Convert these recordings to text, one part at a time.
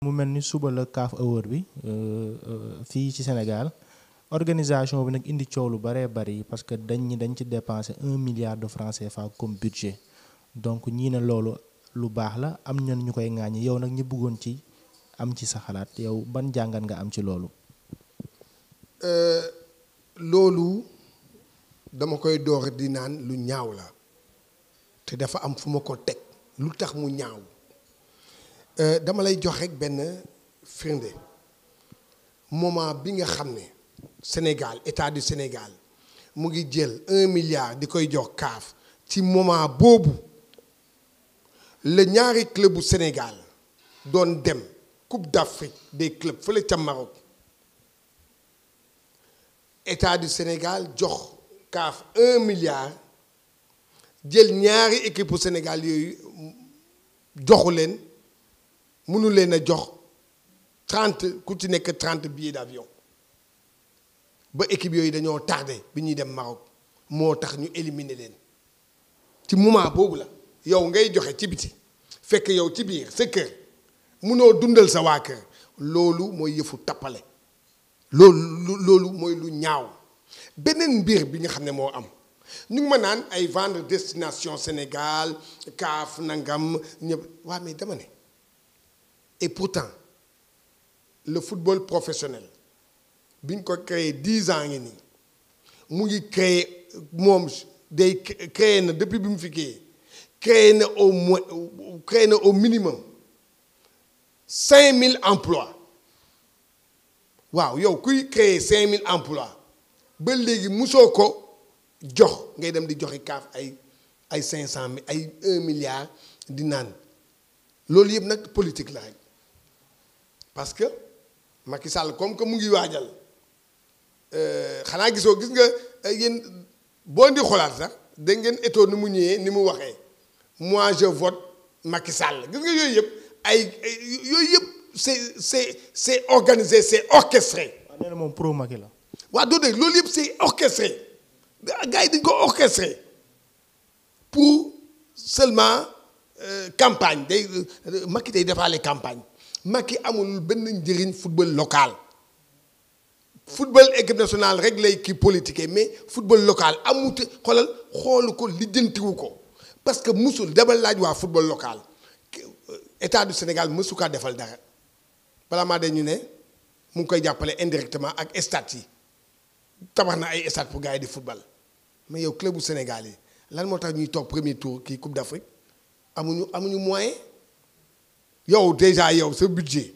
mu mel ni suba la CAF Award bi euh, euh, fii ci Sénégal organisation bi nag indi coow lu bëree bëri parce que dañ ñi dañ ci dépensé un milliard de francs CFA comme budget donc ñii ne loolu lu baax la am ñan ñu koy ŋaañi yow nag ñi buggoon ci am ci sa xalaat yow ban jàngat nga am ci loolu. Euh, loolu dama koy door di naan lu ñaaw la te dafa am fu ma ko teg lu tax mu ñaaw. Euh, dama lay jox rek benn firnde moment bi nga xam ne Sénégal état du Sénégal mu ngi jël un milliard di koy jox kaaf ci moment boobu la ñaari clubu Sénégal doon dem Coupe d'Afrique des clubs fële ca Maroc état du Sénégal jox kaaf un milliard jël ñaari équipe bu Sénégal yooyu joxu leen. mënu leen a jox trent ku ci nekk trente billets d'avion ba équipe yooyu dañoo tardé bi ñuy dem Maroc moo tax ñu éliminer leen ci moment boobu la yow ngay joxe ci biti fekk yow ci biir sa kër munoo dundal sa waa kër loolu mooy yëfu tappale loolu loolu mooy lu ñaaw beneen mbir bi nga xam ne moo am ñu ngi ma naan ay vendre destination Sénégal kaaf nangam ñëpp waa mais dama Et pourtant, le football professionnel, biñ ko créé dix ans ngi nii mu ngi créé moom day créé na depuis bi mu fi créé créé na au moins créé na au minimum cinq mille emplois waaw yow kuy créé cinq mille emplois ba léegi musoo ko jox ngay dem di joxi kaaf ay ay cinq cent mille ay un milliard di naan loolu yëpp nag politique la rek parce que Macky Sall comme que mu ngi waajal euh, xanaa gisoo gis nga yéen boo di xoolaat sax da ngeen étoo ni mu ñëwee ni mu waxee mois je vote Macky Sall gis nga yooyu yëpp ay yooyu yëpp c'est c'est c'est organisé c'est orchestré. waaw ah, nee moom pro Macky la. waaw doo dégg loolu yëpp c'est orchestré gars yi dañ ko orchestré pour seulement euh, campagne day euh, Macky day defaale campagne. Macky amul benn njëriñ football local football équipe nationale rek lay kii politique mais football local amut xoolal xoolu ko lijjantiwu ko parce que musul demal laaj waa football local euh, état du Sénégal mësu kaa defal dara balaa maa de ñu ne mu ngi koy jàppale indirectement ak stade yi tabax na ay stade pour gars yi di football mais yow club bu Sénégal yi lan moo tax ñuy toog premier tour kii Coupe d'Afrique amuñu amuñu moyen. yow déjà yow sa budget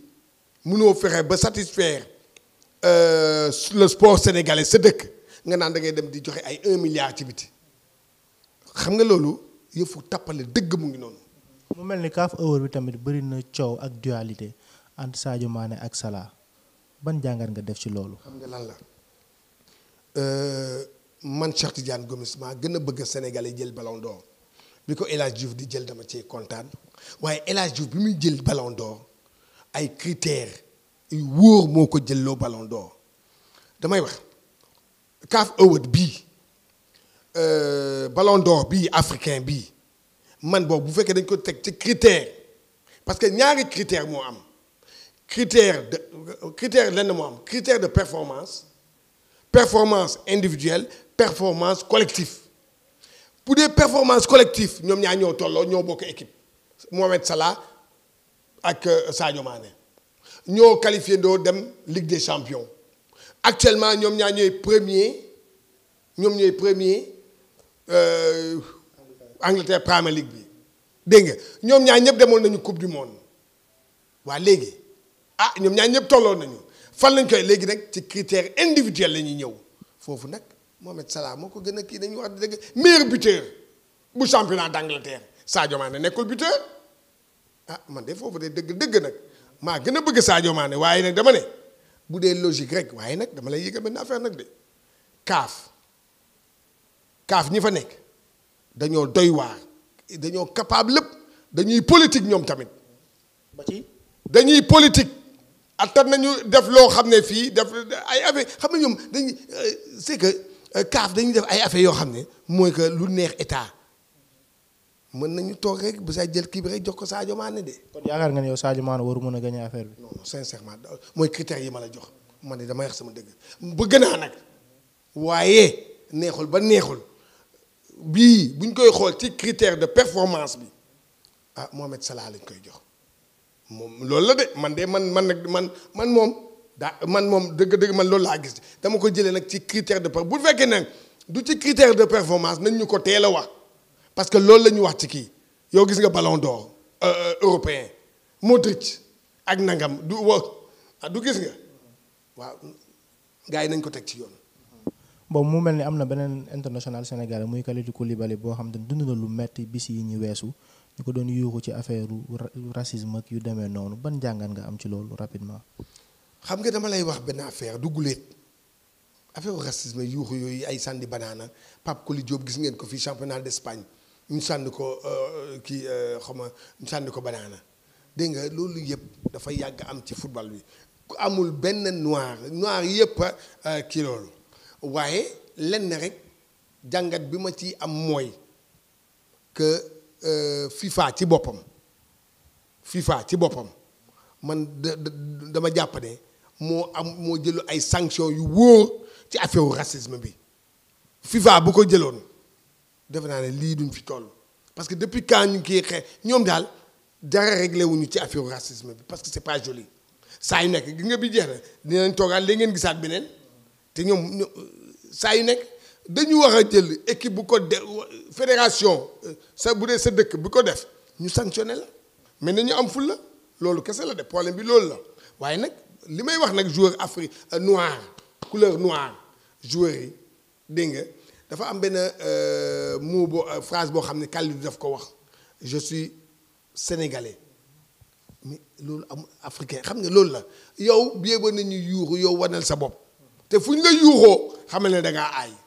mënoo fexe ba satisfaire euh, le sport sénégalais sa dëkk nga naan da ngay dem di joxe ay un milliard ci biti xam nga loolu yëfu tappale dëgg mu ngi noonu. mu mel ni CAF Award bi tamit bëri na coow ak dualité entre Sadio Mané ak Salah ban jàngat nga def ci loolu. xam nga lan la euh, man Cheikh Tidiane Gomis maa gën a bëgg Sénégal jël ballon d'or bi ko El Hadj di jël dama cee kontaan waaye El Hadj Diouf bi muy jël ballon d'or ay critères yu wóor moo ko jëlloo ballon d'or damay wax CAF Award bii euh, ballon d'or bii africain bii man boobu bu fekkee dañ ko teg ci critère parce que ñaari critère moo am critère de critère lenn moo am critère de performance performance individuelle performance collective pour dee performance collective ñoom ñaa ñoo tolloo ñoo bokk équipe Mohamed Salah ak euh, Sadio Mané ñoo qualifié ndoo dem Ligue des champions actuellement ñoom ñaa ñooy premier ñoom ñooy premier euh, Angleterre Premier League bi dégg nga ñoom ñaa ñëpp demoon nañu coupe du monde waa léegi ah ñoom ñaa ñëpp tolloon nañu fan lañ koy léegi nag ci critère individuel la ñuy ñëw foofu nag. Mohamed Salah moo ko gën a kii dañu wax dëgg meilleur buteur bu championnat d'Angleterre Sadio Mané nekkul buteur ah man de foofu de dëgg dëgg nag maa gën a bëgg Sadio Mané waaye nag dama ne bu dee logique rek waaye nag dama lay yëgal benn affaire nag de kaaf kaaf ñi fa nekk dañoo doy waar dañoo capable lépp dañuy politique ñoom tamit. dañuy politique. attan nañu def loo xam ne fii def ay affaire xam nga ñoom dañuy euh, c'est que. Euh, kaaf dañuy def ay affaire yoo xam ne mooy que lu neex état mën nañu toog rek bu saa jël kii bi rek jox ko Sadio Mané de. kon yaakaar nga ne yow Sadio Mané waru mën a gagné affaire bi. non non sincèrement mooy critères yi ma la jox man de dama wax sama dëgg bëgg naa nag waaye neexul ba neexul bii buñ koy xool ci critère de performance bi ah Mohamed Salah lañ koy jox moom loolu la de man de man man nag man man moom. daa man moom dëgg-dëgg man loolu laa gis dama ko jëlee nag ci critère de per bu fekkee ne du ci critère de performance nañ ñu ko teel a wax parce que loolu la ñu wax ci kii yow gis nga ballon d'or euh, euh, européen Modric ak nangam du wa ah, du gis nga waaw gars yi nañ ko teg ci yoon. boobu mu mel ni am na beneen international sénégalais muy Kalidou Koulibaly boo xam te ne dund na lu metti bis yi ñu weesu ñu ko doon yuuxu ci affaire racisme ak yu demee noonu ban jàngat nga am ci loolu rapidement. xam nga dama lay wax benn affaire du guleet affaire racisme yuuxu yooyu ay sànni banaana Pape Koli Diop gis ngeen ko fii championnat d'Espagne ñu sànni ko euh, kii euh, xaw ma ñu sànni ko banaana dégg nga loolu yëpp dafa yàgg am ci football bi ku amul benn noir noir yëpp euh, kii loolu waaye lenn rek jàngat bi ma ci am mooy que FIFA ci boppam FIFA ci boppam man dama jàpp moo am moo jël ay sanctions yu wóor ci affaire racisme bi FIFA bu ko jëloon defe naa ne lii duñ fi toll parce que depuis quand ñu kii koy ñoom daal dara réglé wuñu ci affaire racisme bi parce que c'est pas joli saa yu nekk gi nga bi jeex na dinañ toogaat léegi ngeen gisaat beneen te ñoom saa yu nekk dañu wax a jël équipe bu ko de fédération euh, sa bu dee sa dëkk bu ko def ñu sanctionné la mais nañu am ful loolu kese la de problème bi loolu la waaye nag. li may wax nag joueur afrique euh, noir couleur noire joueur yi dégg nga dafa am benn euh, mot boo euh, phrase boo xam ne Kalidou daf ko wax je suis sénégalais loolu am africain xam nga loolu la yow bie ba nañu yuuxu yow wanal sa bopp te fu ñu la yuuxoo xamal ne da ngaa aay